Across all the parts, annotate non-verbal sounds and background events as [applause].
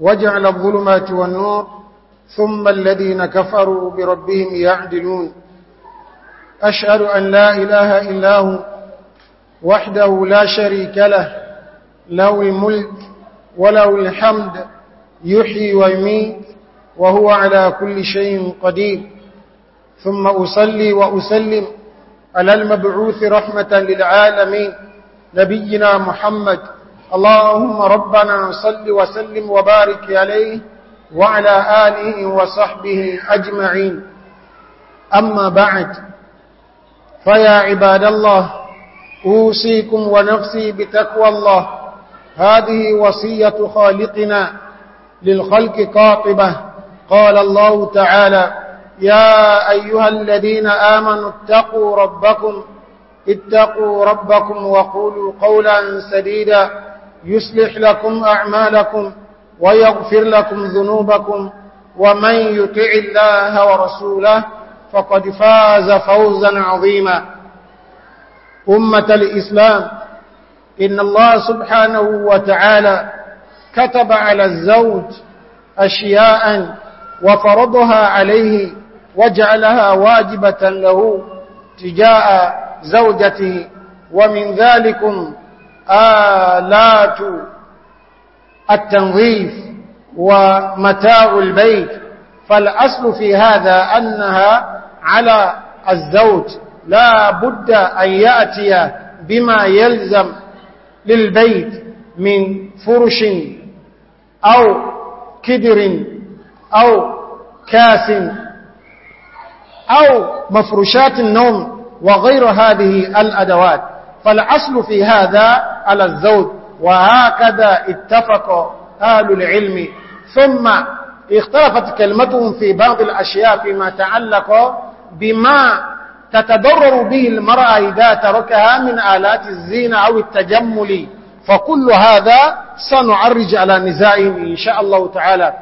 وجعل الظلمات والنور ثم الذين كفروا بربهم يعدلون أشهد أن لا إله إلا هو وحده لا شريك له له الملك وله الحمد يحيي ويميت وهو على كل شيء قدير ثم أصلي وأسلم على المبعوث رحمة للعالمين نبينا محمد اللهم ربنا صل وسلم وبارك عليه وعلى آله وصحبه أجمعين أما بعد فيا عباد الله أوصيكم ونفسي بتقوى الله هذه وصية خالقنا للخلق قاطبة قال الله تعالى يا أيها الذين آمنوا اتقوا ربكم اتقوا ربكم وقولوا قولا سديدا يصلح لكم أعمالكم ويغفر لكم ذنوبكم ومن يطع الله ورسوله فقد فاز فوزا عظيما أمة الإسلام إن الله سبحانه وتعالى كتب على الزوج أشياء وفرضها عليه وجعلها واجبة له تجاه زوجته ومن ذلكم آلات التنظيف ومتاع البيت فالأصل في هذا أنها على الزوج لا بد أن يأتي بما يلزم للبيت من فرش أو كدر أو كاس أو مفروشات النوم وغير هذه الأدوات فالأصل في هذا على الزوج وهكذا اتفق أهل العلم ثم اختلفت كلمتهم في بعض الأشياء فيما تعلق بما تتضرر به المرأة إذا تركها من آلات الزينة أو التجمل فكل هذا سنعرج على نزائهم إن شاء الله تعالى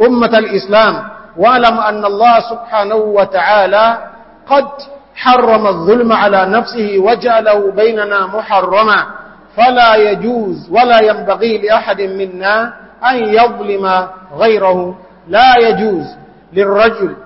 أمة الإسلام واعلم أن الله سبحانه وتعالى قد حرم الظلم على نفسه وجعله بيننا محرما فلا يجوز ولا ينبغي لأحد منا أن يظلم غيره لا يجوز للرجل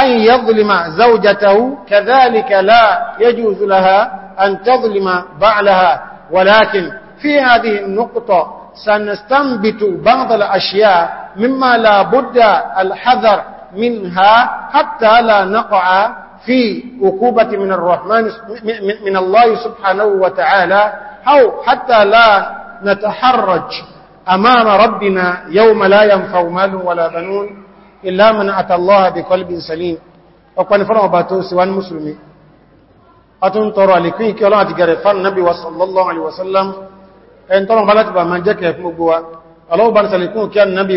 أن يظلم زوجته كذلك لا يجوز لها أن تظلم بعلها ولكن في هذه النقطة سنستنبت بعض الأشياء مما لا بد الحذر منها حتى لا نقع في أكوبة من الرحمن من الله سبحانه وتعالى أو حتى لا نتحرج أمام ربنا يوم لا ينفع مال ولا بنون إلا من أتى الله بقلب سليم وقال فرعوا باتوسي وان مسلمي أتون ترى لكي كي الله تقرفان نبي وصلى الله عليه وسلم أن ترى بلات بمن جاك يفمقوا الله بانساليكون كي النبي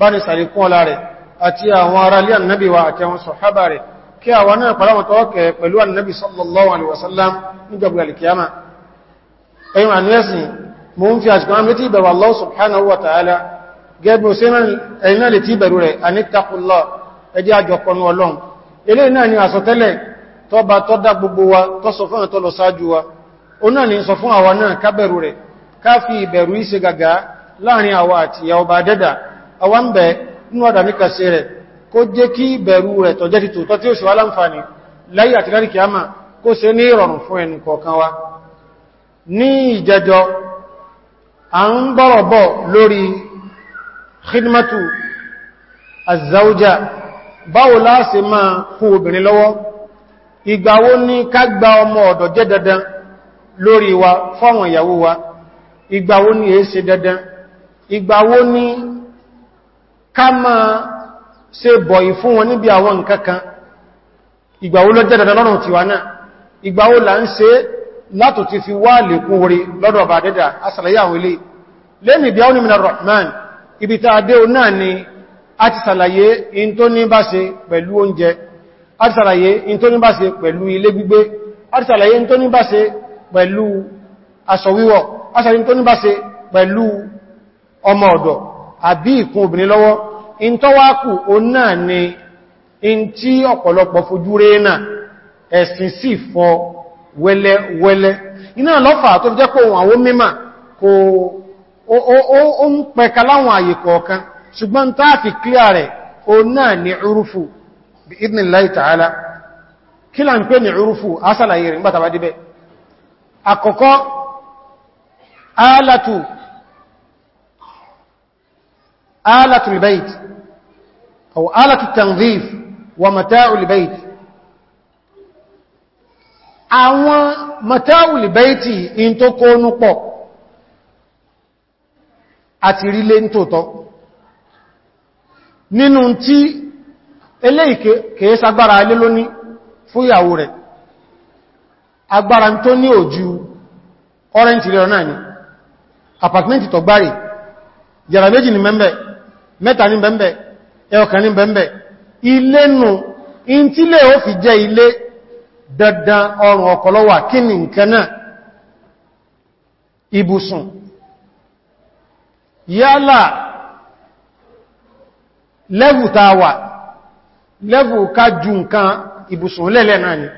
وانساليكون لاري أتيا وارا لي النبي وانساليكون صحابه kí àwọn náà pàdáwọn tọ́ọ̀kẹ́ pẹ̀lú annabi sallallahu alaihi wasallam ní gbogbo alkiyama ẹ̀yìn àníyàsí mo ń fi àṣìkan àmì tí ìbẹ̀rù Allah subhanahu wa ta'ala gẹ́gbẹ̀ ẹ̀yìn náà lè tí ìbẹ̀rù rẹ̀ a ní takullah ẹjẹ́ àjọpọ̀nù ọlọ́run ilé náà ni àsọtẹ́lẹ̀ tọba tọ́ dá gbogbo wa tọ́ sọ fún ẹ̀tọ́ lọ sáájú wa ó náà ni sọ rẹ̀ kó jẹ́ kí ìbẹ̀rù rẹ̀ tọ́jẹ́ ti tòótọ́ tí ó ṣe wá láǹfààní láyé àti lárí kìámà kó ṣe ní ìrọ̀rùn fún ẹnu kọ̀ọ̀kan wa ní ìjẹjọ a ń bọ̀rọ̀ bọ̀ lórí khidmatu azauja báwo láàṣẹ máa kú obìnrin lọ́wọ́ ìgbàwó ní ká gba ọmọ ọ̀dọ̀ jẹ́ dandan lórí wa fáwọn ìyàwó wa ìgbàwó ní èé ṣe dandan ìgbàwó ní ká máa ṣe bọ̀yí fún wọn níbi àwọn nǹkan kan ìgbàwó lọ́jẹ́ dandan lọ́rùn tiwa náà ìgbàwó là ń ṣe látò ti fi wá lèkún orí lọ́dọ̀ ọba dẹ́dà asàlàyé àwọn ilé lẹ́nì bí áwọn ìmìnà rahman ibi ta adé o náà ni a ti sàlàyé in tó ní bá ṣe pẹ̀lú oúnjẹ pẹ̀lú ọmọ ọ̀dọ̀ àbí ìkún obìnrin lọ́wọ́ in tó náà ni in tí ọ̀pọ̀lọpọ̀ fojú rẹ̀ náà ẹ̀sìn sí fọ wẹ́lẹ́wẹ́lẹ́ iná lọ́fà tó jẹ́ ohun àwọn mímà kò ó ń pẹ̀ka láwọn àyè kọ̀ọ̀kan ṣùgbọ́n fi rẹ̀ urufu alatu آلة البيت أو آلة التنظيف ومتاع البيت àwọn mọ̀táwùlì bẹ́ẹ̀tì in tó kó ní pọ̀ àti rílé ní tòótọ́ nínú tí eléyìí kèé sagbára ilé lóní fún ìyàwó rẹ̀ agbára tó ní òjú orange rẹ̀ náà ni apartment tó yàrá méjì ni mẹ́mbẹ̀ẹ́ mẹ́ta ní bẹ̀m̀bẹ̀ ẹọkàn ní bẹ̀m̀bẹ̀ ilé nù in tí lè ó fi jẹ́ ilé dandan ọrùn ọ̀kọ̀lọ́wà kí ni náà ibùsùn yálà levụta tàwà lẹ́wù ká ju nǹkan ibùsùn lẹ́lẹ́ náà ni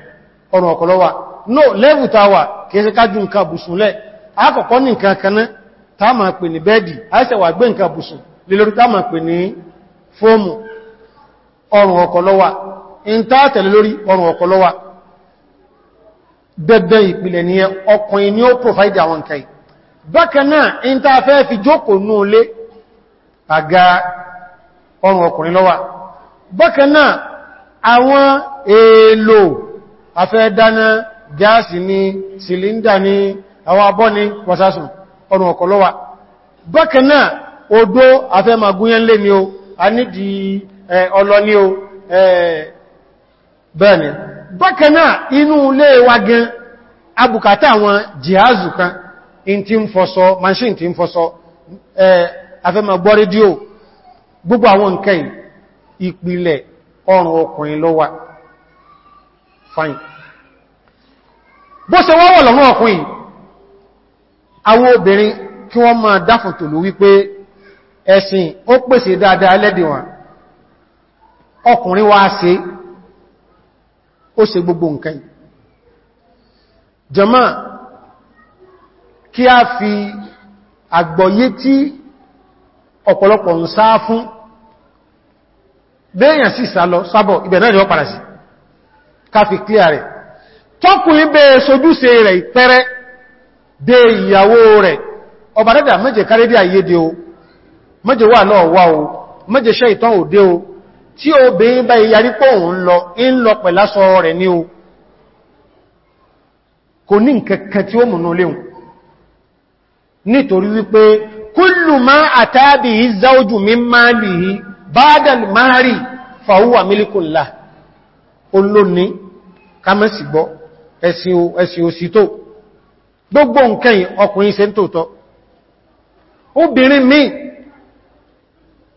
ọrùn ọ̀kọ̀lọ́wà no levụta tàwà kìí ká ju nǹkan ibùsùn lẹ́ àkọ́kọ́ ní nǹkan ma pe máa pè ní bẹ́ẹ̀dì gbé nǹkan ibùsùn lórí dámà pè ní fóòmù ọrùn ọ̀kọ̀lọ́wà in tààtẹ̀lẹ̀ lórí ọrùn ọ̀kọ̀lọ́wà dẹ̀dẹ̀ ìpìlẹ̀ ní ọkùnrin ni ó provide àwọn nǹkan yìí bákanáà in tàà fẹ́ fi jókòó ní olé àga ọrùn ọkùnrin lọ́wà bákanáà àwọn èèlò afẹ́ dáná gáàsì ní sílíndà ní àwọn abọ́ ní wàsásùn ọrùn ọ̀kọ̀lọ́wà bákanáà odó afẹ́ ma gúnyán lé ni o a nídi ọlọ́ni o bẹ́ẹ̀ni bákanáà inú ilé wa gan abùkátà àwọn jihazù kan in ti ń fọ́sọ machine ti ń fọ́sọ afẹ́ ma gbọ́ rédíò gbogbo àwọn nǹkan ìpìlẹ̀ ọrùn ọkùnrin lọ́wà. wà fine bó ṣe wọ́wọ́ àwọn obìnrin kí wọ́n máa dáfùn tòlú wípé ẹ̀sìn ó pèsè dáadáa lẹ́dìwọ̀n ọkùnrin wá ṣe ó ṣe gbogbo nǹkan jàmá kí a fi àgbọ̀yé tí ọ̀pọ̀lọpọ̀ ń sá fún bẹ́yàn sí sálọ sábọ̀ ibẹ̀ náà ni wọ́n padà sí káfí clear rẹ̀ tọ́kùnrin bẹ́ẹ̀ sojúṣe rẹ̀ ìpẹ́rẹ́ dé ìyàwó rẹ̀ ọba dẹ́dà méje kárédé àyédé o mọ́jẹ̀ wà náà wá o mọ́jẹ̀ ṣẹ́ ìtàn òdé o tí o bèé bá ìyàrí pọ̀ òun lọ in lọ pẹ̀lásọ rẹ̀ ní o kò ní nkẹ̀kẹ́ tí ó múnú léhun nítorí wípé kúlù má àtàbí ìzáójú mi máa lè yí bádàl márì fàúwà mílíkùnlá olóní kámẹ́sìgbọ́ ẹ̀sìn òsìtò gbogbo nǹkan ọkùnrin ṣe ń tòótọ́ obìnrin míì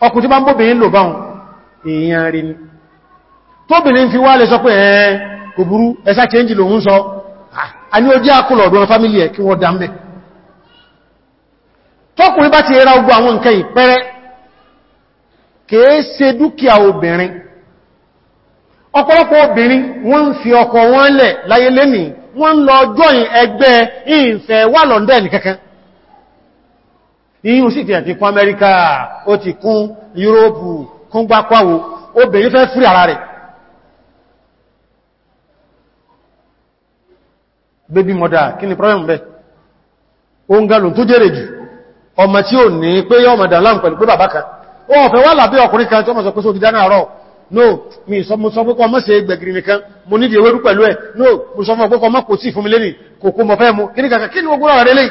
ọkùn tí bá ń bóbìnrin lò báhùn èèyàn rí ni tóbìnrin fi wá lè sọ pé ẹ̀ẹ́ kò burú ẹsá change lòun sọ ah, a ní ojú àkùlọ̀ ọ̀dọ̀ fámílì ẹ̀ kí wọ́n dá mẹ́ tọ́kùnrin bá ti ra ogbó àwọn nǹkan ìpẹ́rẹ́ kìí ṣe dúkìá obìnrin ọ̀pọ̀lọpọ̀ obìnrin wọ́n ń fi ọkọ wọn lẹ̀ láyé lẹ́nìí wọ́n lọ jọ́yìn ẹgbẹ́ ìfẹ́ wà lọ́ndẹ́ nìkankan ìyún sí ti ẹ̀ ti kún Amẹ́ríkà ó ti kún Yúróòpù kún gbákwáwò obìnrin fẹ́ fúrí ara rẹ̀ baby mother kí ni problem bẹ́ o ń gẹ́lùn tó jẹ́rẹ̀ jù ọmọ tí ó ní pé yọ ọmọdà láàrín pẹ̀lú pé bàbá kan ó ọ̀fẹ́ wà lábẹ́ ọkùnrin kan tí ọmọ sọ pé só dáná àárọ̀ no mi sọ mo sọ pé kọ mọ́ sí gbẹ̀gìrì nìkan mo nídìí ewérú pẹ̀lú ẹ̀ no mo sọ fún ọpọ́kọ mọ́ kò sí fún mi lẹ́nì kò kó fẹ́ mu kí kí ni gbogbo rẹ̀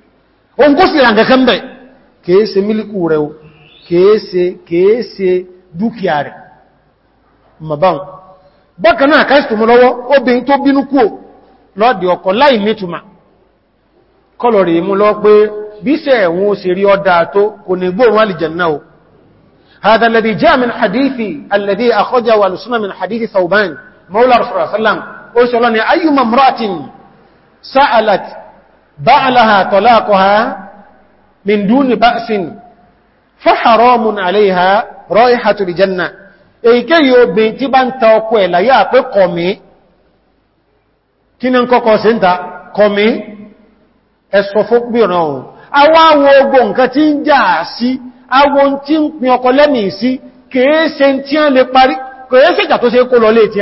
òun kó sì ra nǹkan kan bẹ̀ kìí ṣe mílíkù rẹ̀ o kìí ṣe kìí ṣe dúkìá rẹ̀ mọ̀báun bákan náà káìsìtò mọ́ lọ́wọ́ obìnrin tó bínú kú lọ́dì ọkọ̀ láì nítùmà kọlọ̀ rẹ̀ mú lọ pé bíṣẹ̀ ẹ̀wọ̀n ó sì rí ọdá tó kò ní gbóòrùn alìjẹ̀nà o هذا الذي جاء من حديث الذي أخرجه والسنة من حديث ثوبان مولى رسول الله صلى الله عليه وسلم أيما امرأة سألت بعلها طلاقها ha دون بأس فحرام عليها رائحة الجنة èyíké yóò bí tí bá ń ta ọkọ ẹ̀ láyá pé kọ̀mí kí ní kọ́kọ́ sí ń ta nkọkọ ẹ̀sọ̀ fún gbìràn ọ̀run awọ́ awọ́ ogbò nǹkan tí ń jà sí awọ́ tí ọkọ lẹ́mìí sí kèése tí ti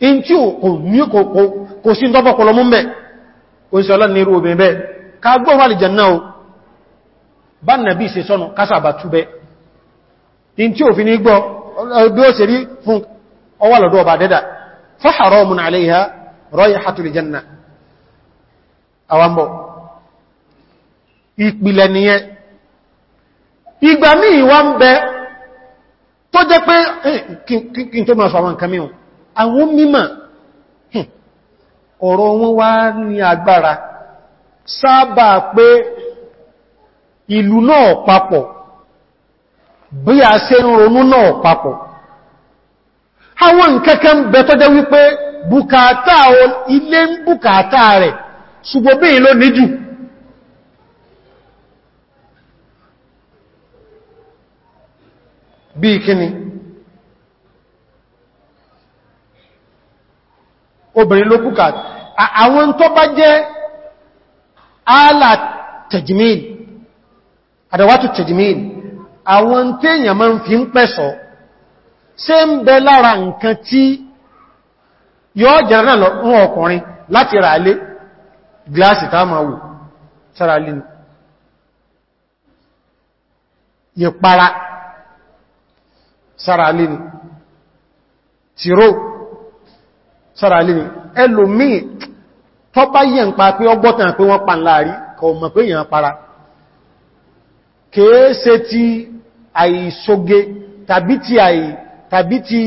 in tí ò ní kòkó kò sí tọ́pọ̀ pọ̀lọmú mẹ́ o sí ọlọ́ni irú obìnrin bẹ́ ká gbọ́ wà lè jẹ̀nà o bá nàbí ìṣẹ́ sọ́nà kásàbà túbẹ́ in tí ò fi ní gbọ́ bí ó ṣe rí fún ọwà lọ́dọ̀ ọba dẹ́dà fa haramun alayha raihatul janna àwambọ̀ ìpìlẹ̀ nìyẹn ìgbà míì wá ń bẹ tó àwọn mímọ̀ hmm, ọ̀rọ̀ wọn wá ní agbára sábà pé ìlú náà papọ̀ bí a ṣe ń ronú náà papọ̀ àwọn nkẹ́kẹ́ ń bẹ tọ́jẹ́ wípé bùkátà ilé ń bùkátà rẹ̀ ṣùgbọ́n bí ìlò níjù bí kíni obìnrin ló búkà àwọn tó bá jẹ́ ààlà tẹ̀jìmìn àdàwátù tẹ̀jìmìn àwọn tèèyàn máa ń fi ń pẹ̀sọ̀ ṣe ń bẹ lára nǹkan tí yóò jẹ́rẹ́ náà wọn ọkùnrin láti rà alé gíláàsì tá máa wò sára alé ni sára alé ni tìróò sára lè ẹlòmíì tó bá yẹ ń pa pé ọgbọ́tàn pé wọ́n pa ń láàrí kọ mọ̀ pé èèyàn para kèése ti àìsóge tàbí ti àì tàbí ti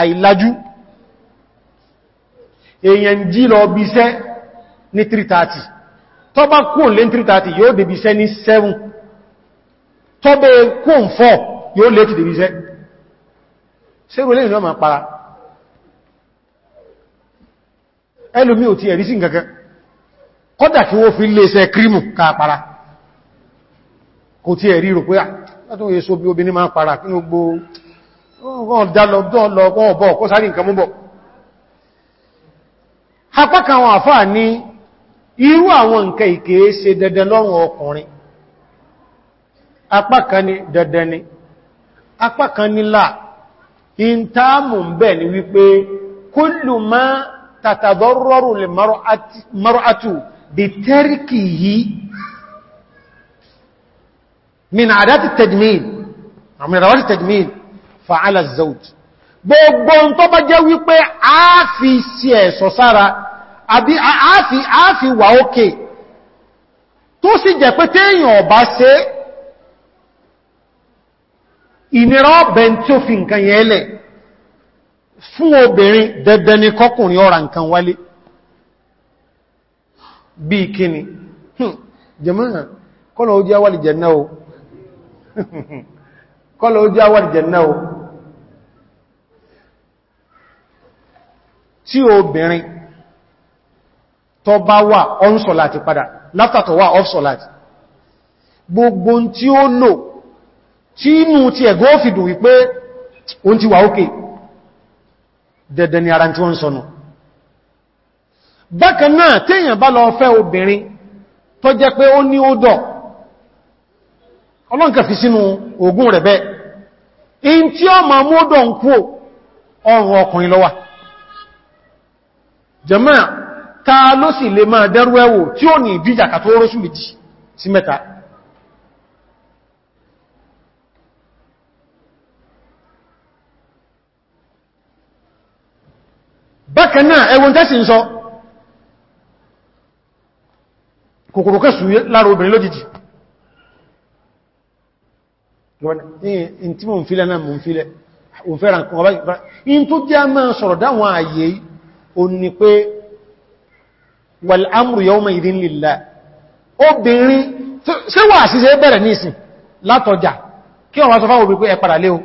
àìlájú èèyàn jí lọ bí iṣẹ́ ní 330 tó bá kún lé 330 yóò dé bí ní 7 tó kún 4 yóò lé ti dé bí iṣẹ́ lè ní ọmọ para mi ò ti ẹ̀rí sí nǹkankan kọ́dà kí fi léṣẹ́ krímù káàpàá kò tí ẹ̀rí rò pé látún ah, èso bí obìnrin máa pàrà kí ní gbó ọ̀dálọ́gbọ́ kó apá kan àwọn àfáà irú àwọn ni ń bẹ̀ ni wípé kúlù máa tàtàdọ́rọ̀rù lè mar'atu bí tẹ́ríkì yìí min àdáti tẹ̀dìmìn àmìràwàtí tẹ̀dìmìn fa'ala zaut gbogbo tó bá jẹ́ wípé a fi sí ẹ̀sọ̀ sára àbí a fi wà ókè tó sì jẹ́ pé téèyàn ọba ṣe ìnira ọ̀bẹ̀ tí ó fi nǹkan yẹn lẹ̀ fún obìnrin dẹ̀dẹ̀ ni kọkùnrin ọ̀rà nǹkan wálé bí kíni hmm. jẹmọ́nà kọ́lọ̀ ó jẹ́ àwàlì jẹ̀nà o [laughs] kọ́lọ̀ ó jẹ́ àwàlì jẹ̀nà o tí obìnrin tó bá wà ọ́nsọ̀láti padà látàtọ̀ wà ọ́fsọ̀láti gbogbo tí ó lò tí inú ti ẹ̀gọ́ fìdù wípé oun ókè okay dẹ̀dẹ̀ ni ara tí wọ́n sọnù bákan náà téèyàn bá lọ fẹ́ obìnrin tó jẹ́ pé ó ní ó fi sínú ogun rẹ̀ in tí ma mú ó ń kú ọrùn ọkùnrin lọ́wà jẹ́mọ́ ta ló sì maa máa dẹ́rú ẹwò tí ó ní ìdíjà kàtó sí mẹ́ta bákan náà ẹwọ́n tẹ́sì ń sọ kòkòrò kẹsù lára obìnrin lójijì in tí mo ń filẹ̀ náà mo ń filẹ̀ o fẹ́ràn kan ọba ìgbà in tó jẹ́ máa sọ̀rọ̀ dáwọn ààyè o ní pé wal amru yawma idhin lillah obìnrin ṣe wà síse bẹ̀rẹ̀ ní ìsìn látọjà kí wọ́n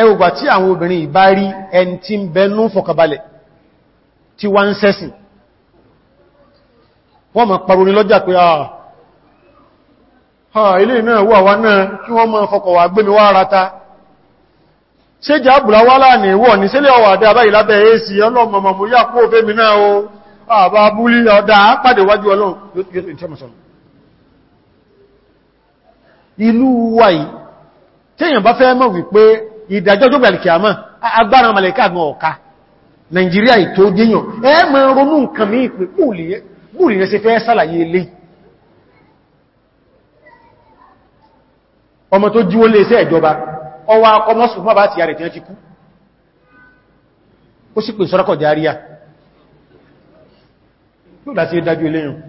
ẹwùgbà tí àwọn obìnrin ìbá rí ẹni tí ń bẹnú fọkàbalẹ̀ tí wá ń sẹ́sìn wọ́n ma pàrò ní lọ́jà pé àà ilé náà wà wá náà kí wọ́n ma fọkọ̀ wà gbé mi wá rata ṣe jẹ́ àbùláwà láàrin ìwọ̀ ní sílẹ̀ ọwà àdá àbáyì lábẹ́ àbá ìlú wa yìí téèyàn bá fẹ́ mọ̀ wípé ìdájọ́ tó gbẹ̀lẹ̀ kìámọ́ agbára màlẹ̀ká gan ọ̀ká Nàìjíríà ìtò déyàn ẹ mọ́ ronú nǹkan mí ìpè búùlì rẹ̀ ṣe fẹ́ sàlàyé ilé ọmọ tó jíwó lè ṣẹ́ ìjọba ọwá akọmọ́sùn fún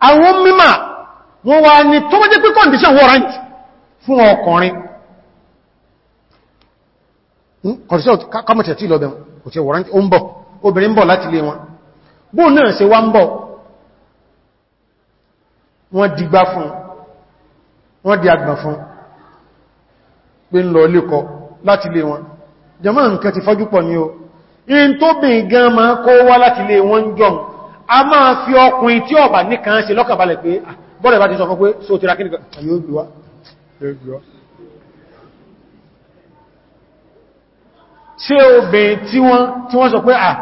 àwọn mímà wọ́n wá ní tó mọ́ jẹ́ pé condition warrant fún ọkùnrin hmm, condition kọmọ̀tẹ̀ tí lọ bẹ̀rún kò tí warrant ó ń bọ̀ obìnrin bọ̀ láti lé wọn bó náà ṣe wá ń bọ̀ wọ́n dìgbà fún wọ́n di àgbà fún pé ń lọ lékọ láti lé wọn jẹ́mọ́ nǹkan ti fọ́jú pọ̀ ní o in tó bìn gan ma kó wá láti lé wọn jọun a máa fi ọkùnrin tí ọ̀bà nìkan ṣe lọ́kàbalẹ̀ pé ah, bọ́ọ̀lẹ̀ bá ti sọ fún pé so tíra kíníkan ah, yóò gbíwá ṣe obìnrin tí wọ́n sọ pé à ah,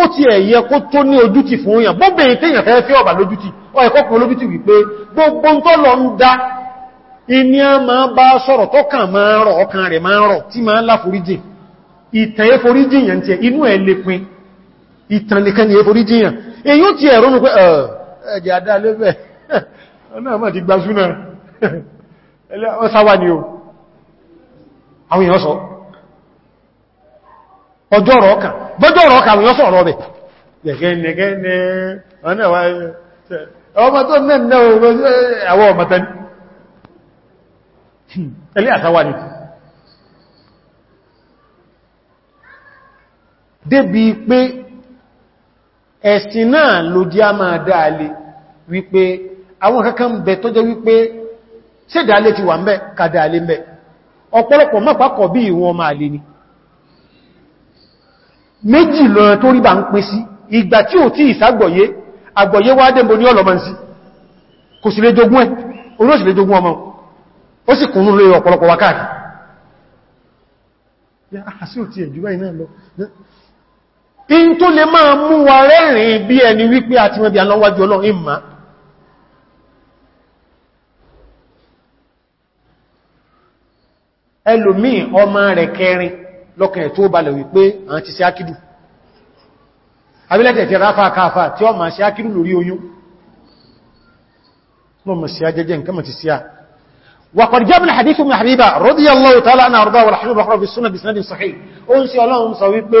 ó ti ẹ̀yẹ kó tó ní ojútì fún òyàn bóbìnrin téèyàn fẹ́ fẹ́ ọ̀bà lójútì ọ ẹ̀kọ́kùn lójútì wípé gbogbo tó lọ ń dá iní a máa bá sọ̀rọ̀ tó kàn máa rọ̀ ọkàn rẹ̀ máa rọ̀ tí máa láforíjìn ìtàn ìtàn èyí ó ti ẹ̀rọ nù pé ẹ̀jẹ̀ àdá lébẹ̀ [laughs] ọ̀nà àmà ti gba súnà [laughs] ọ̀sáwà ni o àwọn èèyàn sọ ọjọ́ ọ̀rọ̀ ọkà bọ́jọ́ ọ̀rọ̀ ọkà àwọn èèyàn sọ̀rọ̀ [laughs] débi pé ẹ̀sìn náà ló di a máa dáalé wípé àwọn kankan bẹ tó jẹ́ wípé ṣe dáalé ti wà ń bẹ ka dáalé ń bẹ ọ̀pọ̀lọpọ̀ mọ́pàkọ̀ bí ìwọ̀n máa lè ní méjì lọ tó rí bá ń pín sí ìgbà tí ò tí ìsàgbọ̀yé àgbọ̀yé wá dẹ́mbo ní in tó lè máa mú wa rẹ́rìn bí ẹni wípé àti mẹ́bí alọ́wájú ọlọ́run ìmá ẹlòmí ọmọ rẹ̀ kẹrin lọ́kẹ̀ tó balẹ̀ wípé àwọn ti ṣe ákìdù abilẹ́tẹ̀ ti ráfà káfà tí ọmọ ṣe ákìdù lórí oyún mọ̀ sí ajẹ́jẹ́ nǹkan mọ̀ ti sí à وقد جاء من حديث ابن حبيبة رضي الله تعالى عنه وارضاه والحديث بقرأ في السنة بسند صحيح ó ń sí ọlọ́run sọ wípé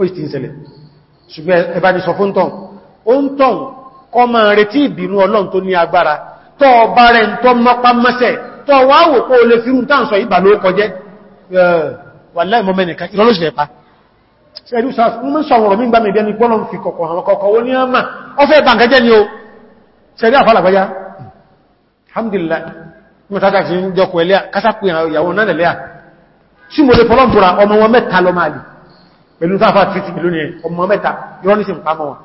ó sì ti ń ṣẹlẹ̀ ṣùgbọ́n ẹbá ní sọ fún tán ó ń tàn kọ máa retí ìbínú ọlọ́run tó ní agbára tọ́ ọba rẹ̀ ń tọ́ mọ́pá mọ́sẹ̀ tọ́ wá wò kó o lè fi rún tán sọ ìbà ló kọjẹ́ wà láì mọ́ mẹ́nìkan ìrọlọ́sìlẹ̀ pa ẹ̀rù sọ̀rọ̀ mí gbámi ìbẹ́ni gbọ́nà fi kọ̀kọ̀ àwọn ọmọ ọfẹ́ ìbànkẹ́jẹ́ ni o ṣẹ̀rí pẹ̀lú sáfà títí ìlú ní ọmọ mẹ́ta yọ́ ní sí pàmọ́ wọn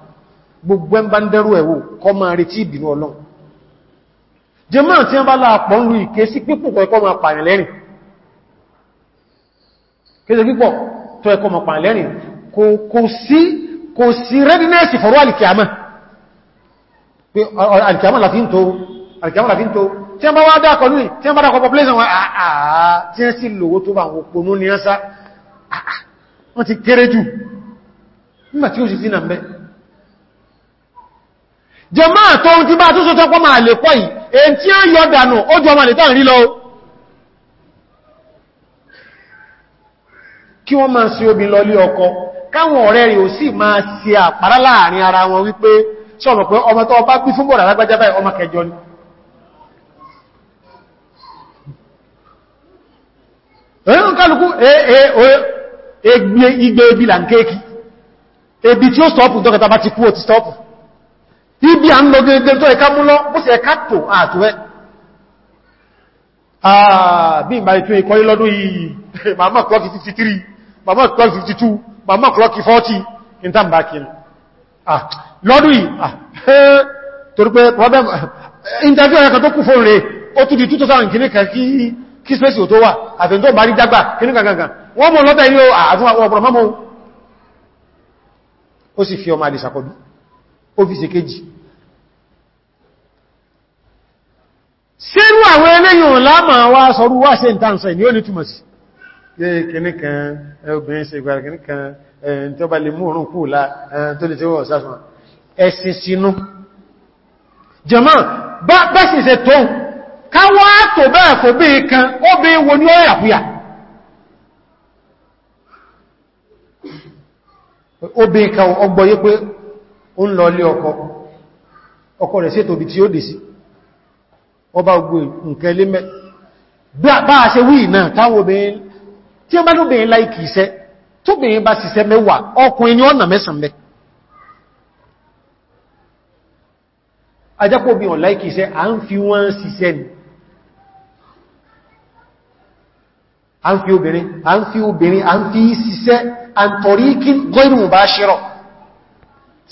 gbogbo ẹmbá ń dẹ́rù ẹ̀wò kọ máa retí ìbínú ọlọ́run jẹmọ́ tí wọ́n bá láàpọ̀ ń rú ìké sí pípò ẹ̀kọ́ máa pààyàn lẹ́rìn kéde pípọ̀ tó ẹ̀kọ́ máa pààyàn lẹ́rìn kò sí kò sí rẹ́dínẹ́sì fọ̀rọ̀ alìkìámà alìkìámà láti ń tó tí wọ́n bá wá dákọ̀ lórí tí wọ́n bá dákọ̀ population wọn àà tí wọ́n sì lòwó tó bá wọn ní ẹ́sá àà wọ́n ti kéré jù nígbà tí ó sì sínà mẹ́ jẹmáà tó ń tí bá tó sọ́tọ́ pọ́ máa lè pọ́ yìí èyí tí ó yọ dànù ó jọ máa lè tàn rí lọ kí wọ́n máa sí obìn lọ lé ọkọ káwọn ọ̀rẹ́ rẹ̀ ò sì máa sí àpárá láàrin ara wọn wípé sọ́mọ̀ pé ọmọ tó bá pí igbe ebi là ń kéèkì ebi tí ó stọ́pù tọ́kẹta bá ti kú ò ti stọ́pù ibi à ń lọ gẹ́gẹ́ tó ẹka mú lọ bó sì ẹka tó àtò ẹ bí ìbá ètò ìkọ́ lọ́dún yìí mama klọ́kì 53 màmá klọ́kì 52 màmá klọ́kì 40 in tàn bá kí lọ́dún yìí [laughs] torí pé problem [laughs] interview ẹ̀kan tó kú fóòrè ó tún di 2000 kìníkà kí space ò tó wà àfẹ́ntọ́ bá rí dágbà kìníkà gangan wọ́n mọ̀ lọ́tà ilé àtún ọ̀pọ̀ mọ́mọ́ ó sì fi ọmọ àdìsàkọ́dú ó fi ṣe kéjì sínú àwọn eléyìn láàmà wá sọrú wá sí ìtànsà ní ó ní túnmọ̀ sí kìníkan obìnrin ṣe ìgbàrà kìníkan tí ó bá lè mú òrùn kú lá tó kan ó obìnrin kan ọgbọ́ yé pé ó ń lọ lé ọkọ ọkọ rẹ̀ sétò bí tí ó dì sí ọba ogbò nǹkan ilé mẹ́ bá a ṣe wí náà táwọn obìnrin tí ó bá lóbìnrin láìkì iṣẹ́ tóbìnrin bá ṣiṣẹ́ mẹ́wàá ọkùnrin ni ọ̀nà mẹ́sàn mẹ́ ajápòbí a ń fi obìnrin a ń fi obìnrin a ń fi ṣiṣẹ́ a ń tọ̀rí kí gọ́ìrùn bá ṣírọ̀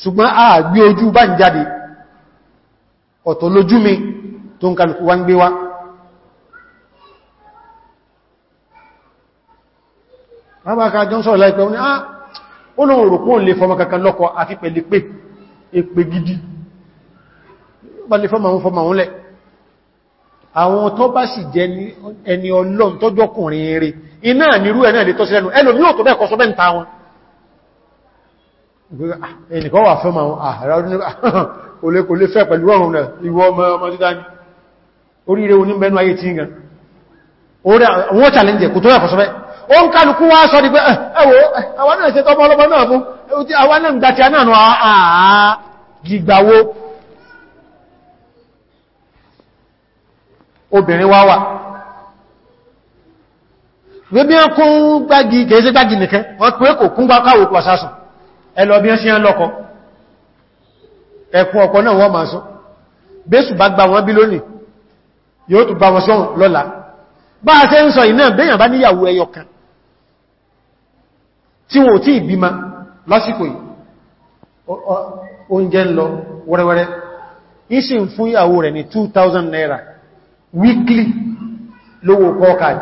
ṣùgbọ́n a gbé ojú bá ń jáde ọ̀tọ̀ lójú mi tó ń kàlùkù wá ń gbé wá rábàkà johnson ah, gidi bá lè fọmọ àwọn tó bá sì jẹ ẹni ọlọ́n tó jọkùnrin eré iná nírú ẹ̀ náà lè tọ́ sí lẹ́nu ẹlò ní òtò bẹ́ẹ̀kọ́ sọ bẹ́ǹta wọn ah, ẹnìkan wà fẹ́ ma wọn ààrẹ ọdún olèkò lè fẹ́ pẹ̀lú ọrùn challenge kò tó ẹ̀kọ́ sọ bẹ́ ó ń kálukú wá sọ di pé eh, ẹwọ́ àwọn náà ṣe tọ́mọ ọlọ́mọ náà fún àwọn náà ń gbàtí àná àgbìgbàwó obìnrin wá wà wébí wọn kún gbági kèése gbági nìkan wọ́n pé kò kún gbá káwò kò sásùn ẹlọ bí wọ́n sí ẹlọ́kọ ẹkùn ọ̀pọ̀ náà wọ́n máa sọ bẹ́sù bá gba wọn bí lónìí yóò tún bá wọ́n tí ìbímá lásìkò 2000 naira weekly lówó call card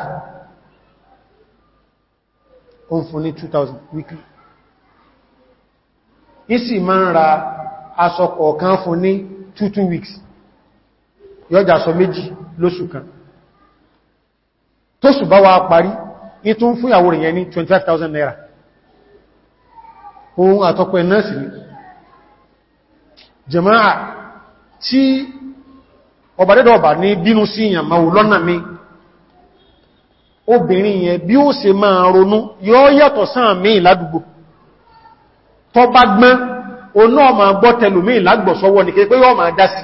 ó ń fún ní 2000 weekly ìsì máa ń ra aṣọ kọ̀ọ̀kan fún ní 22 weeks yọjà aṣọ méjì lóṣù kan tóṣù bá wá parí ní tó ń fún ìyàwó rẹ̀ ní 25,000 naira ohun àtọ́pẹ́ náà sì ní jẹ̀máà ọba ọba ní bínú sí ìyàn ma mi obìnrin yẹn bí ó ṣe máa ronú yọọ yàtọ̀ sáà mí ìládùgbò tọ bá gbọ́n o náà ma gbọ́ tẹlù mí ìlágbọ̀sọ́wọ́ ní ma dásí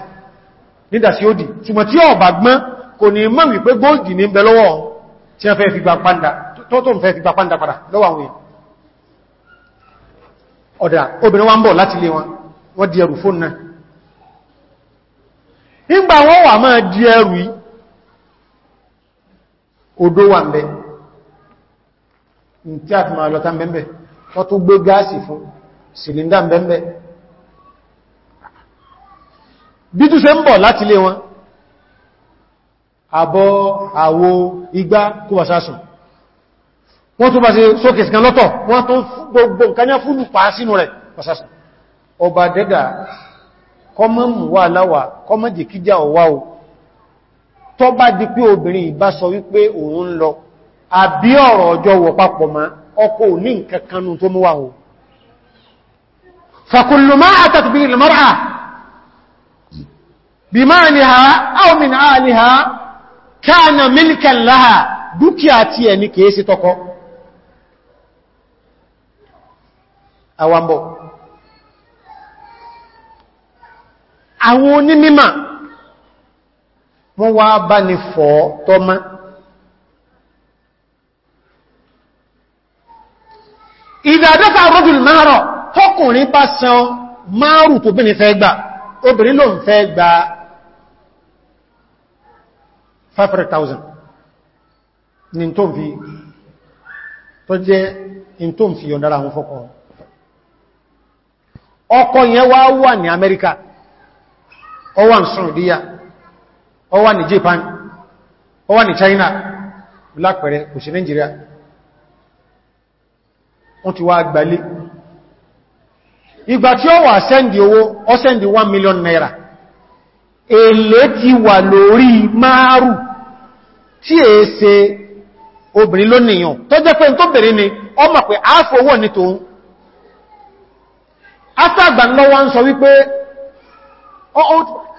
nídásí ó dì túnmọ̀ ọba gbọ́n kò ní wípé ní bẹ lọ́wọ́ tí nígbà wọ́n wà máa di ẹrù yìí odó wà ń bẹ tí a fi máa lọ tán bẹ́m̀bẹ̀ wọ́n tó gbé gáàsì fún sílíndà bẹ́m̀bẹ̀ bí tó ṣe ń bọ̀ láti lé wọn àbọ̀ àwo igbá kó wà sásùn wọ́n tó bá ṣe sókè sí kan lọ́tọ̀ wọ́n tó gbogbo nǹkan yá kọmọ mú wà láwà kọmọ jìkíjà ọwá o tọ́ bá di pé obìnrin ìbá sọ wípé òun lọ àbí ọ̀rọ̀ ọjọ́ wọ papọ̀ ma ọkọ ní nǹkan tó mú wà o fàkùnlùmá àtàtùbí ìlmọ́ra ha ha àwọn onímímà wọ́n wá bá ní fọ́ tọ́má ìdàdẹ́fà rọ́dùn márọ̀ tọ́kùnrin bá san márù tó bí ní fẹ́ gbà obìnrin ló ń fẹ́ gbà 500,000 ni tó ń fi tó jẹ́ in tó ń fi yọ̀ndára àwọn fọ́kọ̀ ọkọ̀ yẹn wá wà ní Amẹ́ríkà ó wà ní Saudiya ó wà ní Japan ó wà ní China lápẹẹrẹ kò sí Nigeria wọ́n ti wá gbalé ìgbà tí ó wà sẹ́ndì owó ó sẹ́ndì 1 million naira èlé ti wà lórí márù tí è ṣe obìnrin ló tó jẹ́ ni ọ mọ̀ pé àáfowó ní n'ito. lọ́wọ́ ń sọ wípé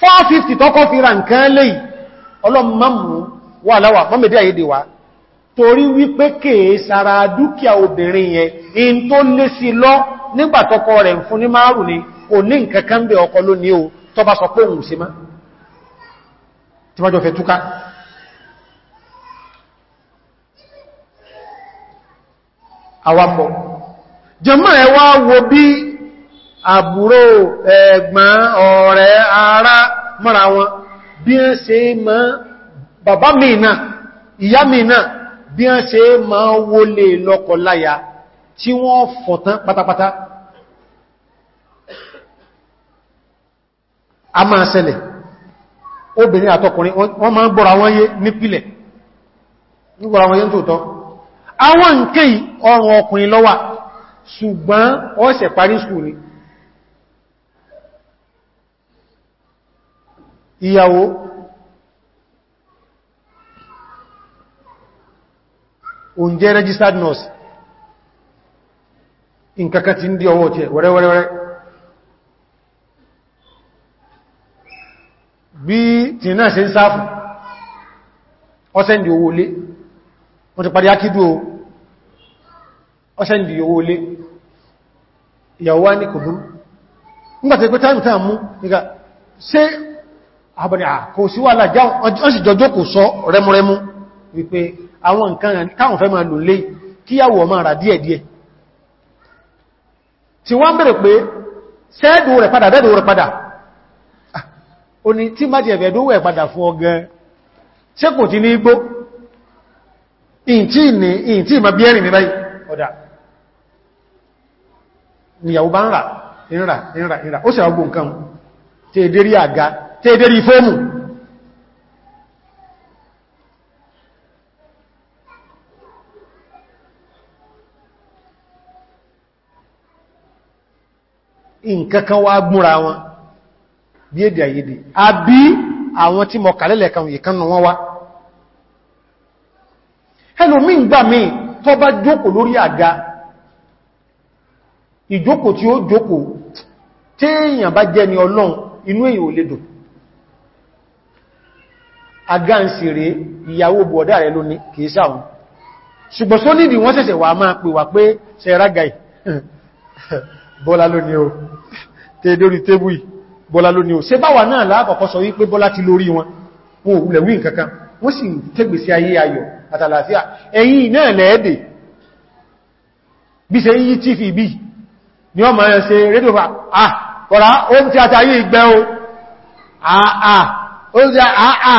450 tọ́kọ́ fi ra nǹkan lè ọlọ́mọ̀mù wà láwà mọ́mẹ̀dé àyèdè wa torí wípé kèé sara dúkìá obìnrin yẹn in tó lé sí lọ nígbàtọ́kọ rẹ̀ ń fún ní márùn ni kò ní nǹkan bẹ ọkọ lónìí o tó bá sọ pé òun sí má àbúrò ẹ̀gbọ́n ọ̀rẹ́ ara mara wọn bí ma ṣe mọ́ bàbá mìíràn ìyá mìíràn bí mọ́ tí wọ́n fọ̀tán pátápátá a máa ṣẹlẹ̀ obìnrin àtọkùnrin wọ́n máa gbọ́ra wọ́n yé nípìlẹ̀ gbọ́ra wọ́n yé ń tòótọ́ àwọn ọkùnrin lọ́wà ṣùgbọ́n ni ìyàwó oúnjẹ́ registered nurse nkankan ti ń dí ọwọ́ tí ẹ wẹ́rẹ́wẹ́rẹ́ bí tí náà ṣe ń sáfù ọ́sẹ́ndì owó olé wọ́n ti parí ákídú o ọ́sẹ́ndì owó olé ìyàwó wá ní kò búrú nígbàtí pé táìmù táà mú nígbà àbàdà kò sí wà lájá wọ́n sì jọjọ́ kò sọ rẹmurẹmu wípé àwọn nǹkan káwọn fẹ́ máa lò lé kíyàwó máa rà díẹ̀díẹ̀ tí wọ́n bèèrè pé sẹ́ẹ̀dù rẹ̀ padà dẹ́dù rẹ̀ ni tí má jẹ̀fẹ̀ ẹ̀dù rẹ̀ padà fún ọgẹ́ ṣe kò ti ní igbó ìntí ìyàwó bá ń rà ń rà ó sì rà gbogbo nǹkan tí èdè e rí àga tẹ́bẹ̀rẹ̀ fóòmù nǹkankan wá gbúra wọn bí èdè àyèdè àbí àwọn tí mọ̀ kàlẹ̀lẹ̀ kan ìkannà wọn wá ẹlòmí ń gbà mí tó bá jókòó lórí àga ìjókòó tí ó jókòó tí èèyàn bá jẹ́ ni ọlọ́run inú èyí ò lè dùn agáǹsì rẹ̀ ìyàwó bọ̀dá rẹ̀ ló ní kìí sáwọn ṣùgbọ́n só níbi wọ́n sẹ̀sẹ̀ wà máa pè wà pé ṣe rágàì [laughs] bọ́lá ló ní o tẹ́dórí tébù bọ́lá ló ní o ṣe báwà náà láàkọ̀kọ́ sọ wípé bọ́lá ti lórí wọn wọn wọ́n sì tẹ́gbèsí ayé ayọ̀ àtàlàáfíà ẹ̀yìn náà ni ọmọ ẹ̀ ah kọ̀rá oúnjẹ àtàyé ìgbẹ́ o àà oúnjẹ àà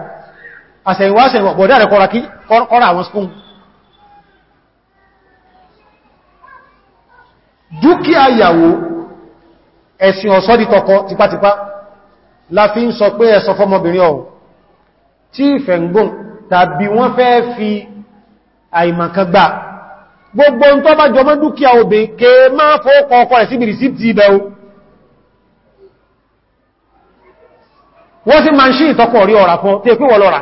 àṣẹ̀yìnwáṣẹ̀ bọ̀dá rẹ̀ kọ́ra àwọn skún dúkìá ìyàwó ẹ̀sìn ọ̀sọ́ di tọkọ tipátipá la fi ń sọ pé ẹsọ fọ́mọbìnrin ọ̀hún tí ìfẹ́ ń gbọ́n tàbí wọ́n fẹ́ fi àìmọ̀kan gbà gbogbo ń tọ́ bá jọmọ́ dúkìá obè ké máa fọ́ọ̀kọ́ ọkọ̀ rẹ̀ síbìrì sí ti ibẹ̀ o wọ́n sì máa ń ṣí ìtọ́kọ̀ rí ọ̀rà fún tí èkú wọ́lọ́ra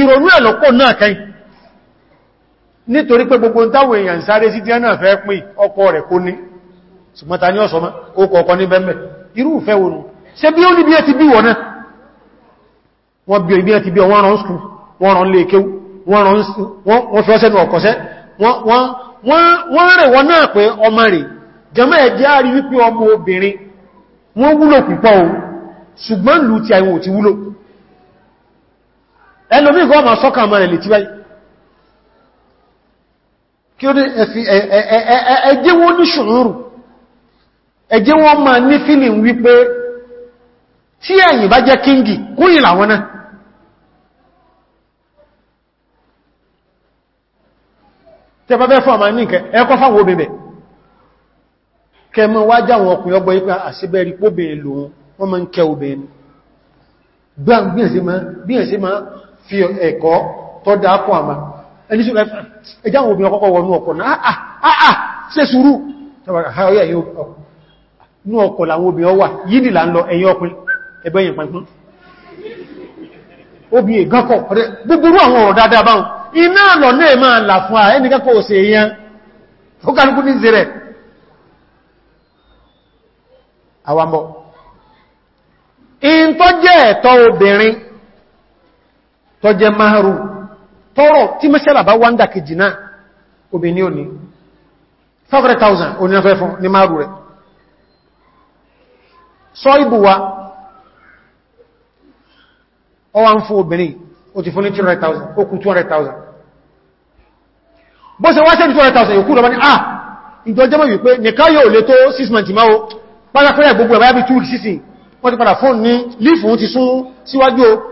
ìrònú ẹ̀lọ́pọ̀ náà kẹ́ nítorí pé gbogbo táwọn èèyàn sáré sí a náà fẹ́ pín ọkọ rẹ̀ kó ní ṣùgbọ́n ní ọ̀sọ́mọ́ ó kọ ní bẹ́m̀bẹ̀ irú ìfẹ́ ṣe bí ó ẹ ti bí náà wọ́n bí ibi ẹ ti bí ẹlòmí kọ́ ọmọ sọ́kà mọ́ ẹ̀lẹ̀ tí wáyé kí ó dé ẹjẹ́ wọ́n ní ṣùúrù ẹjẹ́ wọ́n ní fílìn wípé tí ẹ̀yìn bá jẹ́ kíngì kúyìn làwọn náà tẹ bá bẹ́ fún àmà ní ẹkọ́ fáwọn obìnbẹ̀ kẹmọ wá jáwọn ọkùnrin ọgbọ̀ ipá póbìnrin lòun wọ́n ń kẹ obìnrin máa fi ẹ̀kọ́ tó dáa àmà ẹni ṣe ẹjá obìnrin ọkọ̀ wọnú ọkọ̀ náà àà ah, ah, ah, ṣe sùúrù ní ọkọ̀ làwọn obìnrin wà yìí là ń lọ ẹ̀yìn ọkùnrin ẹgbẹ́yìn pàpín in tó jẹ́ ẹ̀tọ́ obìnrin tó jẹ máàrù tọ́rọ̀ tí mẹ́ṣẹ́là bá wáńdà kejì náà obì ní òní 500,000 oníyànfẹ́ fún ní máàrù rẹ̀ sọ ibùwa ọwá ń fún obìnrin o ti fún ní 200,000 ó kù 200,000 bó ṣe wá sẹ́bí 200,000 yóò kú lọ bá ní ah ìjọjẹ́mọ̀ wípé nìká yóò lè tó 6 months máa o pálápẹ́rẹ̀ gbogbo ẹ̀bá yábí 2 sísìn wọ́n ti padà fún ní lífún ti sún síwájú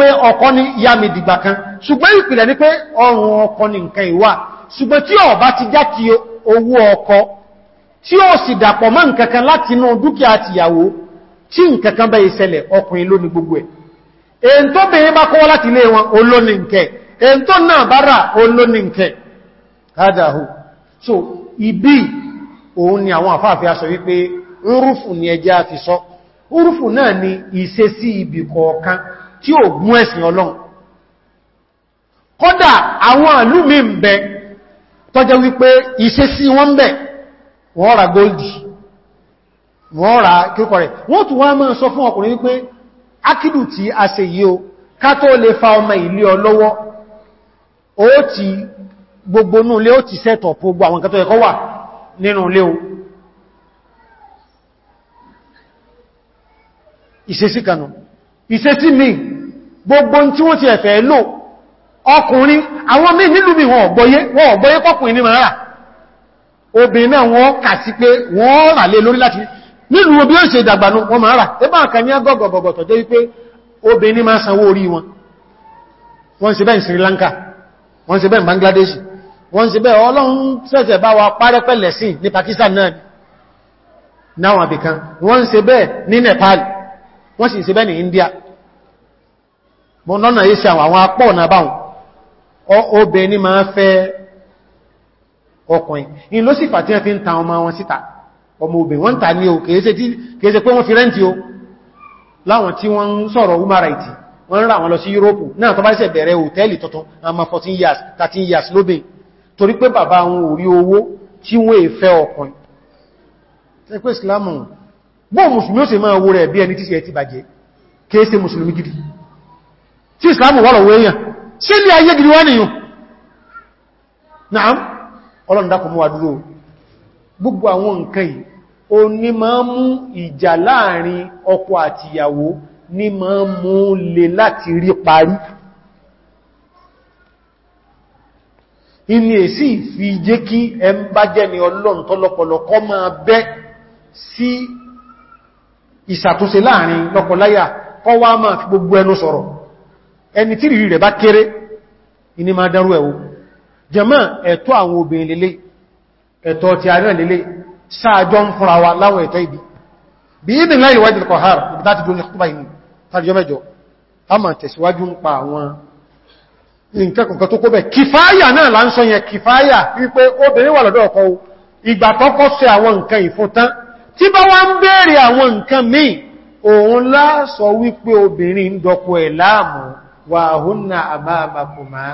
pé ọkọ ní yàmì dìgbà kan ṣùgbọ́n ìpìlẹ̀ ní pé ọrùn ọkọ ní nǹkan ìwà ṣùgbọ́n tí ó bá ti já ti owó ọkọ tí ó sì dàpọ̀ mọ́ nǹkankan láti inú dúkìá ti yàwó tí nǹkankan bẹ́ ìṣẹlẹ̀ ọkùnrin ló ní gbogbo ẹ̀ èyí tó bèèrè bá kọ́wọ́ so ibi òun ni àwọn àfáàfẹ́ aṣọ ni ẹjá ti sọ tí ó gún ẹ̀sìn ọlọ́run kódà àwọn ìlú mi ń bẹ tọ́jẹ́ wípé ìṣesí wọn ń bẹ wọ́n ra goldi wọ́n ra kíkọ rẹ̀ wọ́n tún wọ́n máa sọ fún ọkùnrin wípé akídù tí a ṣe yí o ká tó lè fa ọmọ ilé ọlọ́wọ́ ó ti gbogbo nú ó ti sẹ́tọ̀ gbogbo àwọn nǹkan tó wà nínú ilé o ìṣesí kanu ìṣesí mi gbogbo tí wọ́n ti ẹ̀fẹ̀ lò ọkùnrin àwọn mí nílùú mi wọ́n ọ̀gbọ́yé wọ́n ọ̀gbọ́yé pọ́kùnrin ní mara obìnrin náà wọ́n kà sí pé wọ́n rà lé lórí láti nílùú obi ó ṣe ìdàgbànú wọ́n mara ẹbá nǹkan ní agọ́gọ̀gọ̀gọ̀ tọ́jọ́ wípé obìnrin máa sanwó orí wọn wọ́n ṣe Sri Lanka wọ́n ṣe Bangladesh wọ́n ṣe bẹ́ẹ̀ ọlọ́run ṣẹ̀ṣẹ̀ bá wa párẹ́pẹ̀lẹ̀ sí ní Pakistan náà náwọn àbìkan wọ́n ṣe bẹ́ẹ̀ ní Nepal wọ́n sì ń ṣe ní India bọ́n lọ́nà yìí sí àwọn apọ̀ ọ̀nà báhùn obìnrin ni ma fẹ́ ọkùnrin in ló sì fàtí ẹ fi ń ta ọmọ wọn síta ọmọ obìnrin wọ́n ń ní o kèése pé wọ́n fi rẹ́ntì o láwọn tí wọ́n sọ̀rọ̀ human rights wọ́n rà wọn lọ sí Europe náà bẹ̀rẹ̀ àmà 14 years 13 years torí pé bàbá wọn ò rí owó tí wọ́n ọkùnrin bó mùsùlùmí ó sì máa wo rẹ̀ bí ẹni tí sí ẹ ti bàjẹ́ kìí ṣe mùsùlùmí gidi tí ìsìlámù wà lọ̀wọ́ èèyàn sí ilé ayé gidi wọ́n nìyàn náà ọlọ́ndakùnmú wa dúró gbogbo àwọn nǹkan yìí o ní máa mú ìjà láàrin ọkọ àti ìyàwó ní máa mú lè láti rí parí inú fi jẹ́ kí ẹ ń bá jẹ́ ni ọlọ́ntọ́lọpọlọ kọ́ máa bẹ́ sí ìṣàtúnṣe láàrin lọ́kọláya kọ́ wá máa fi gbogbo ẹnu sọ̀rọ̀ ẹni tí rírì rẹ̀ bá kéré ìní máa dárú ẹ̀wò jàmá ẹ̀tọ́ àwọn obìnrin lélé ẹ̀tọ́ ti àríwẹ̀ lélé sáàjọ ń fúnra wa láwọn ẹ̀tọ́ ibi bí i nìlá ìwádìí kọ̀hár láti pa àwọn nǹkan kọ̀kan tó kó bẹ̀ kìfáyà náà là ń sọ yẹn kìfáyà wípé obìnrin wà lọ́dọ̀ ọkọ ìgbà sí àwọn nǹkan ìfún tán tí bá wá ń béèrè àwọn nǹkan míì òun láàsọ wípé obìnrin ń dọ̀pọ̀ ẹ̀ láàmú wà húnna àmàbàkùnmá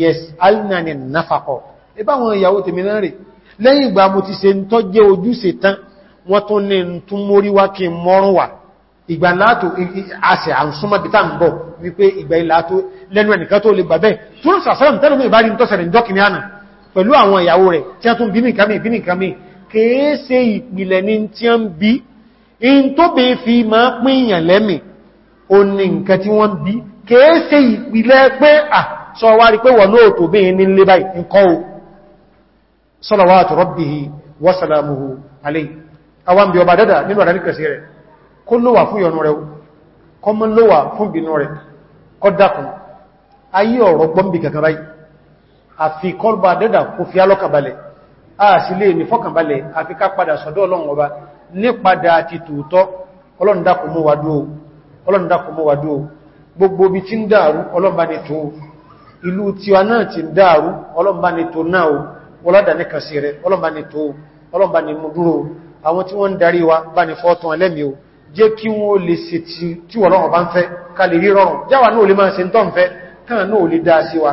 yes alnani nafakọ̀ ẹbá wọn ìyàwó tèmi náà rè lẹ́yìn ìgbà mo ti ṣe ń tọ́jẹ́ ojúṣe tán wọ́n tún ní tún mórí wá kí mọ́rún wà ìgbà látò àṣẹ àǹsúnmọ́bítà ń bọ̀ wípé ìgbà ìlàtò lẹ́nu ẹnìkan tó lè gbàbẹ́ tún sàṣẹ́ ìtẹ́lùmí ìbá ń tọ́sẹ̀rẹ̀ ìjọ́kìnrin àná pẹ̀lú àwọn ìyàwó rẹ̀ tí a tún bí nìkan mí kèé ṣe ìpìlẹ̀ ní tí a ń bí in tó bè fi máa pín ìyàn lẹ́mì o ní nǹkan tí wọ́n bí kèé ṣe ìpìlẹ̀ pé à sọ rí pé wọ́n náà tó bí ní lé báyìí salawatu rabbihi wa salamuhu alayhi àwọn bí ọba dada nínú àdárí kẹsì rẹ̀ kó lówà fún yọnu rẹ̀ kó mọ́ lówà fún ayé ọ̀rọ̀ gbọ́mbì kankan báyìí àfi kọlbà dada kò fi alọ́kàbalẹ̀ àṣìlè ní fọ́kànbalẹ̀ àfi ká padà sọ́dọ̀ ọlọ́run ọba ní padà àti tòótọ́ ọlọ́run dákun mú wa dúró ọlọ́run dákun mú wa dúró gbogbo bí tí ń dàrú ọlọ́run bá ní tó ìlú tiwa náà ti ń dàrú ọlọ́run bá ní tó náà ọlọ́dà ní kàṣí rẹ̀ ọlọ́run bá ní tó ọlọ́run bá ní mú dúró àwọn tí wa náà lè ń tọ́ ń náà lè dáa sí wa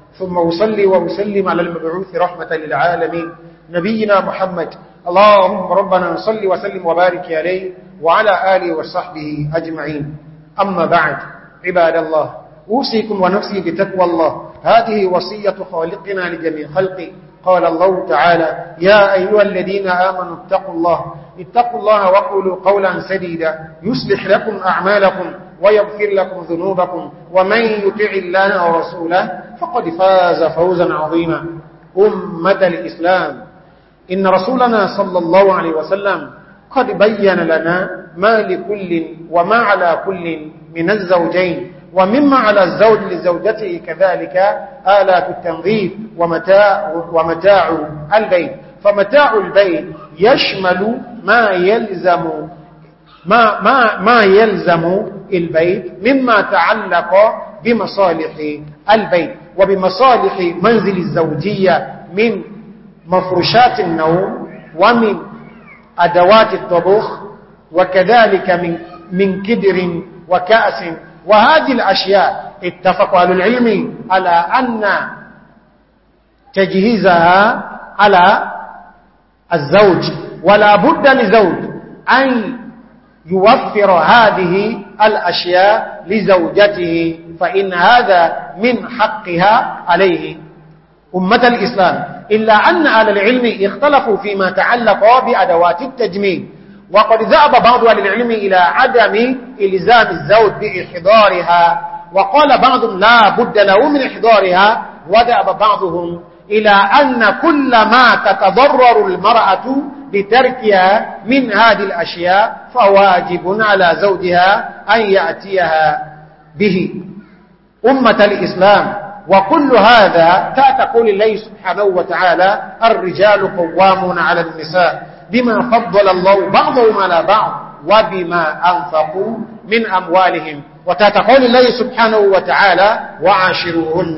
ثم أصلي وأسلم على المبعوث رحمة للعالمين نبينا محمد اللهم ربنا نصلي وسلم وبارك عليه وعلى آله وصحبه أجمعين أما بعد عباد الله أوصيكم ونفسي بتقوى الله هذه وصية خالقنا لجميع خلقه قال الله تعالى يا أيها الذين آمنوا اتقوا الله اتقوا الله وقولوا قولا سديدا يصلح لكم أعمالكم ويغفر لكم ذنوبكم ومن يطع الله ورسوله فقد فاز فوزا عظيما أمة الإسلام إن رسولنا صلى الله عليه وسلم قد بين لنا ما لكل وما على كل من الزوجين ومما على الزوج لزوجته كذلك آلات التنظيف ومتاع, ومتاع البيت فمتاع البيت يشمل ما يلزم ما, ما, ما يلزم البيت مما تعلق بمصالح البيت وبمصالح منزل الزوجية من مفروشات النوم ومن أدوات الطبخ وكذلك من, من كدر وكأس وهذه الأشياء اتفق أهل العلم على أن تجهيزها على الزوج ولا بد لزوج أن يوفر هذه الأشياء لزوجته فإن هذا من حقها عليه أمة الإسلام إلا أن أهل العلم اختلفوا فيما تعلق بأدوات التجميل وقد ذأب بعض أهل العلم إلى عدم إلزام الزوج بإحضارها وقال بعضهم لا بد له من إحضارها وذأب بعضهم إلى أن كل ما تتضرر المرأة بتركها من هذه الأشياء فواجب على زوجها أن يأتيها به أمة الإسلام وكل هذا تقول الله سبحانه وتعالى الرجال قوامون على النساء بما فضل الله بعضهم على بعض وبما أنفقوا من أموالهم وتتقول الله سبحانه وتعالى وعاشروهن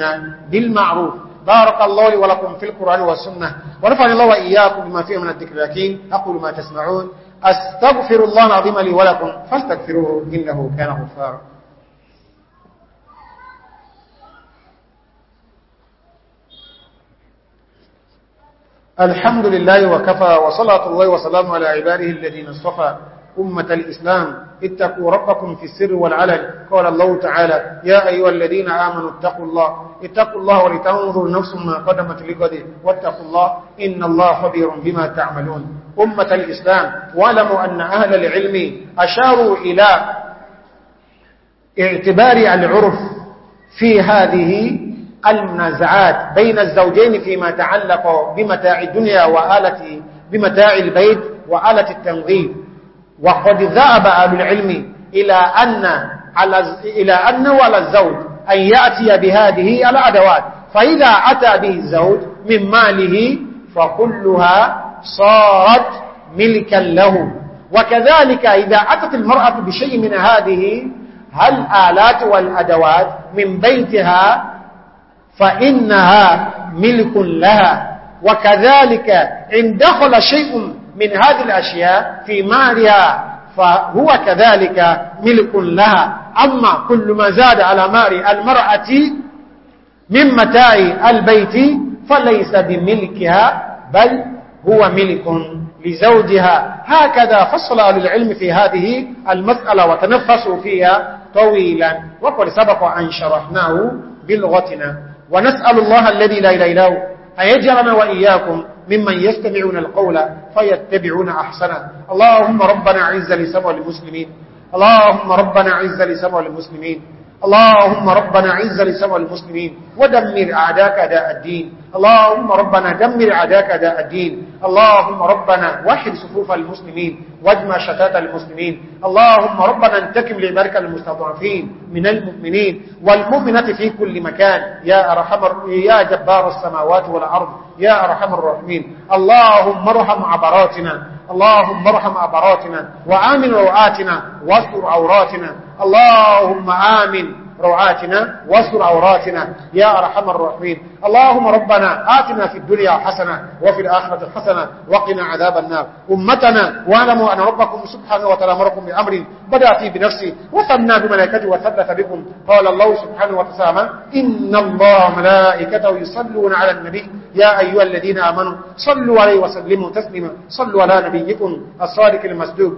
بالمعروف بارك الله لي ولكم في القرآن والسنة ونفعني الله وإياكم بما فيه من الذكر الحكيم أقول ما تسمعون أستغفر الله العظيم لي ولكم فاستغفروه إنه كان غفارا الحمد لله وكفى وصلاة الله وسلامه على عباده الذين اصطفى أمة الإسلام اتقوا ربكم في السر والعلن قال الله تعالى يا أيها الذين آمنوا اتقوا الله اتقوا الله ولتنظر نفس ما قدمت لقده واتقوا الله إن الله خبير بما تعملون أمة الإسلام ولموا أن أهل العلم أشاروا إلى اعتبار العرف في هذه المنازعات بين الزوجين فيما تعلق بمتاع الدنيا وآلة بمتاع البيت وآلة التنظيم وقد ذهب أهل العلم إلى أن على إلى أن على الزوج أن يأتي بهذه الأدوات فإذا أتى به الزوج من ماله فكلها صارت ملكا له وكذلك إذا أتت المرأة بشيء من هذه هل آلات والأدوات من بيتها فإنها ملك لها وكذلك إن دخل شيء من هذه الأشياء في مالها فهو كذلك ملك لها أما كل ما زاد على مال المرأة من متاع البيت فليس بملكها بل هو ملك لزوجها هكذا فصل للعلم في هذه المسألة وتنفسوا فيها طويلا وقد سبق أن شرحناه بلغتنا ونسأل الله الذي لا إله إلا هو أن يجعلنا وإياكم ممن يستمعون القول فيتبعون أحسنه اللهم ربنا عز لسبع المسلمين اللهم ربنا عز لسبع المسلمين اللهم ربنا عز لسبع المسلمين ودمر أعداك أداء الدين اللهم ربنا دمر أعداك أداء الدين اللهم ربنا وحد صفوف المسلمين واجمع شتات المسلمين اللهم ربنا انتكم لبرك المستضعفين من المؤمنين والمؤمنة في كل مكان يا, أرحم يا جبار السماوات والأرض يا أرحم الراحمين اللهم ارحم عبراتنا اللهم ارحم عبراتنا وآمن روآتنا واستر عوراتنا اللهم آمن روعاتنا واستر عوراتنا يا أرحم الراحمين اللهم ربنا آتنا في الدنيا حسنة وفي الآخرة حسنة وقنا عذاب النار أمتنا واعلموا أن ربكم سبحانه وتعالى امركم بأمر بدأ فيه بنفسه وثنى بملائكته وثلث بكم قال الله سبحانه وتعالى إن الله ملائكته يصلون على النبي يا أيها الذين آمنوا صلوا عليه وسلموا تسليما صلوا على نبيكم الصادق المسدوب